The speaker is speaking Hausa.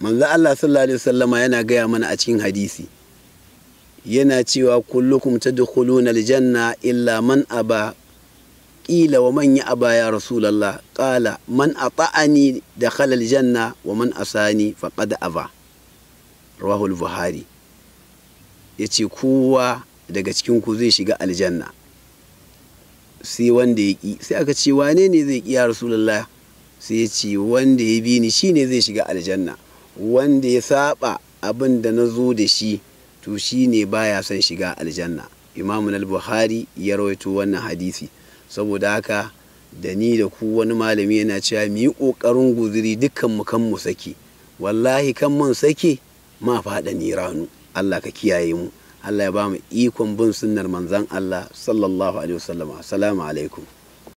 manzo Allah sallallahu alaihi wasallama yana gaya mana a cikin hadisi yana cewa kullukum tadkhuluna aljanna illa man aba qila wa man ya'ba ya rasulullah qala man ata'ani dakhala aljanna wa man asani faqad aba rawahu al-buhari yace kowa daga cikin ku zai shiga aljanna sai wanda ya ki sai aka ce wane ne zai ki ya rasulullah sai ya ce wanda ya bi ni shine zai shiga aljanna wanda ya saba abin da na zo da shi to shi ne baya son shiga aljanna imamu al-buhari ya rawaito wannan hadisi saboda haka da ni da ku wani malami yana cewa mu yi ƙoƙarin guziri dukkan mu kan mu sake wallahi kan mun sake ma faɗa ni ranu Allah ka kiyaye mu Allah ya ba mu ikon bin sunnar manzon Allah sallallahu alaihi wasallam assalamu alaikum